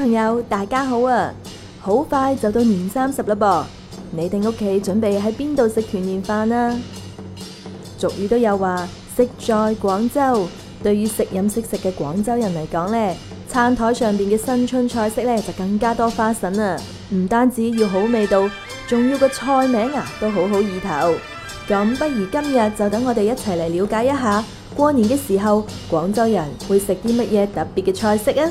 朋友，大家好啊！好快就到年三十啦噃，你哋屋企準備喺邊度食團年飯啊？俗語都有話食在廣州，對於食飲食食嘅廣州人嚟講呢，餐台上邊嘅新春菜式呢，就更加多花臣啊！唔單止要好味道，仲要個菜名啊都好好意頭。咁不如今日就等我哋一齊嚟了解一下過年嘅時候，廣州人會食啲乜嘢特別嘅菜式啊！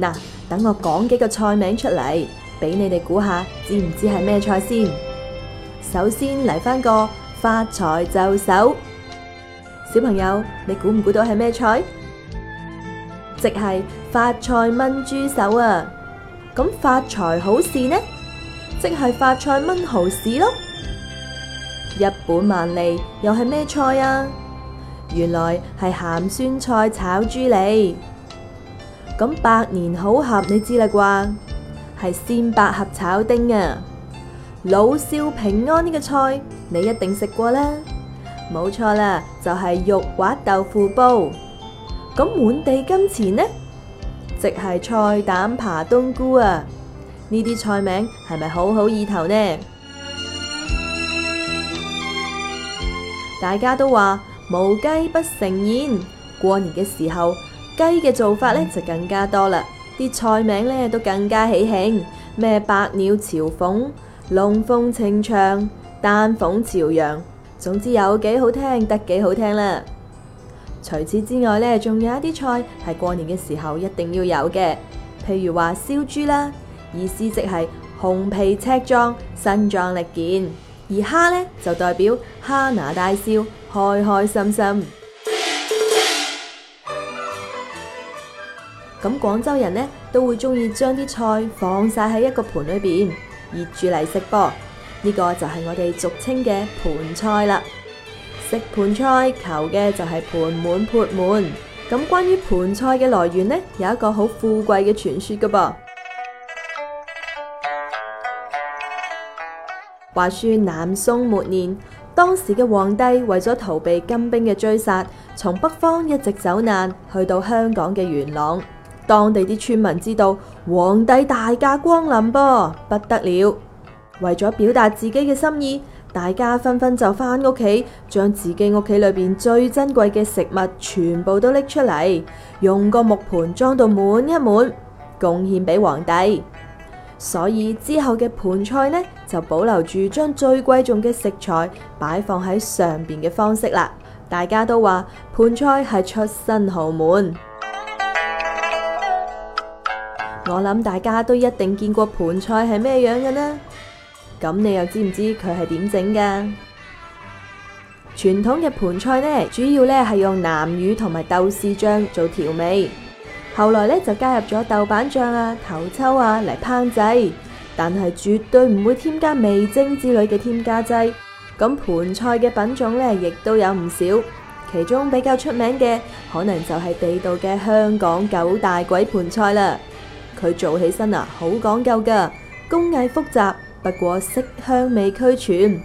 嗱，等我講幾個菜名出嚟，俾你哋估下，知唔知係咩菜先？首先嚟翻個發財就手，小朋友，你估唔估到係咩菜？即係發菜炆豬手啊！咁發財好市呢？即係發菜炆蠔豉咯。一本萬利又係咩菜啊？原來係鹹酸菜炒豬脷。咁百年好合你知啦啩，係鮮百合炒丁啊，老少平安呢個菜你一定食過啦，冇錯啦，就係肉滑豆腐煲。咁滿地金錢呢，即係菜膽扒冬菇啊，呢啲菜名係咪好好意頭呢？大家都話無雞不成宴，過年嘅時候。雞嘅做法咧就更加多啦，啲菜名咧都更加喜慶，咩百鳥朝鳳、龍鳳呈祥、丹鳳朝陽，總之有幾好聽得幾好聽啦。除此之外咧，仲有一啲菜係過年嘅時候一定要有嘅，譬如話燒豬啦，意思即係紅皮赤壯，身壯力健；而蝦呢，就代表哈哈大笑，開開心心。咁廣州人呢，都會中意將啲菜放晒喺一個盆裏邊熱住嚟食噃。呢個就係我哋俗稱嘅盆菜啦。食盆菜求嘅就係盆滿缽滿。咁關於盆菜嘅來源呢，有一個好富貴嘅傳說噶噃。話說南宋末年，當時嘅皇帝為咗逃避金兵嘅追殺，從北方一直走難去到香港嘅元朗。當地啲村民知道皇帝大駕光臨噃，不得了。為咗表達自己嘅心意，大家紛紛就返屋企，將自己屋企裏邊最珍貴嘅食物全部都拎出嚟用個木盤裝到滿一滿，貢獻俾皇帝。所以之後嘅盤菜呢，就保留住將最貴重嘅食材擺放喺上邊嘅方式啦。大家都話盤菜係出身豪門。我諗大家都一定見過盤菜係咩樣嘅呢？咁你又知唔知佢係點整噶？傳統嘅盤菜呢，主要咧係用南乳同埋豆豉醬做調味，後來咧就加入咗豆瓣醬啊、頭抽啊嚟烹製，但係絕對唔會添加味精之類嘅添加劑。咁盤菜嘅品種咧，亦都有唔少，其中比較出名嘅可能就係地道嘅香港九大鬼盤菜啦。佢做起身啊，好講究噶，工藝複雜，不過色香味俱全。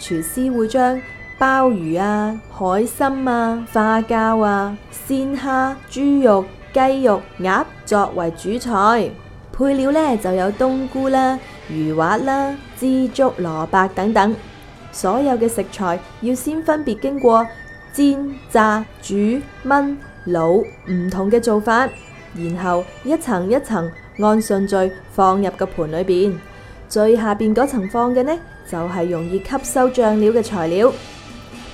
廚師會將鮑魚啊、海參啊、花膠啊、鮮蝦、豬肉、雞肉、鴨作為主菜，配料呢就有冬菇啦、魚滑啦、枝竹、蘿蔔等等。所有嘅食材要先分別經過煎、炸、煮、炆、滷唔同嘅做法。然後一層一層按順序放入個盤裏邊，最下邊嗰層放嘅呢就係容易吸收醬料嘅材料，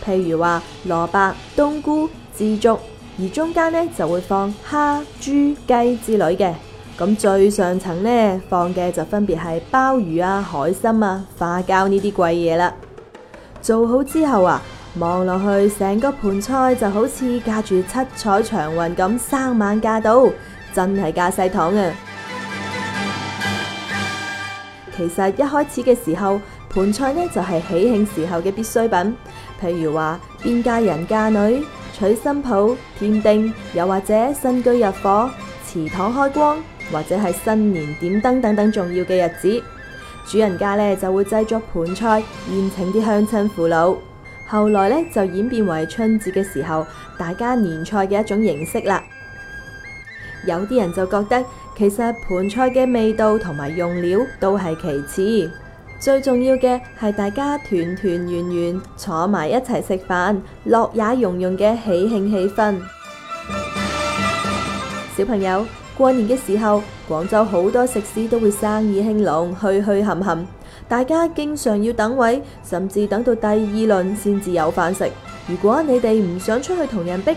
譬如話蘿蔔、冬菇、支竹，而中間呢就會放蝦、豬、雞之類嘅。咁最上層呢放嘅就分別係鮑魚啊、海參啊、花膠呢啲貴嘢啦。做好之後啊，望落去成個盤菜就好似架住七彩祥雲咁生猛架到。真係加晒糖啊！其實一開始嘅時候，盤菜呢就係喜慶時候嘅必需品，譬如話邊家人嫁女、娶新抱、添丁，又或者新居入伙、祠堂開光，或者係新年點燈等等重要嘅日子，主人家呢就會製作盤菜宴請啲鄉親父老。後來呢就演變為春節嘅時候，大家年菜嘅一種形式啦。有啲人就覺得，其實盤菜嘅味道同埋用料都係其次，最重要嘅係大家團團圓圓坐埋一齊食飯，樂也融融嘅喜慶氣氛。 小朋友，過年嘅時候，廣州好多食肆都會生意興隆，墟墟冚冚，大家經常要等位，甚至等到第二輪先至有飯食。如果你哋唔想出去同人逼。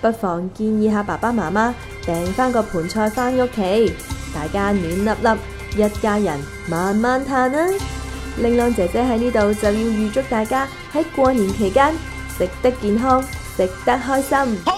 不妨建議下爸爸媽媽訂翻個盤菜翻屋企，大家暖笠笠，一家人慢慢嘆啊！玲玲姐姐喺呢度就要預祝大家喺過年期間食得健康，食得開心。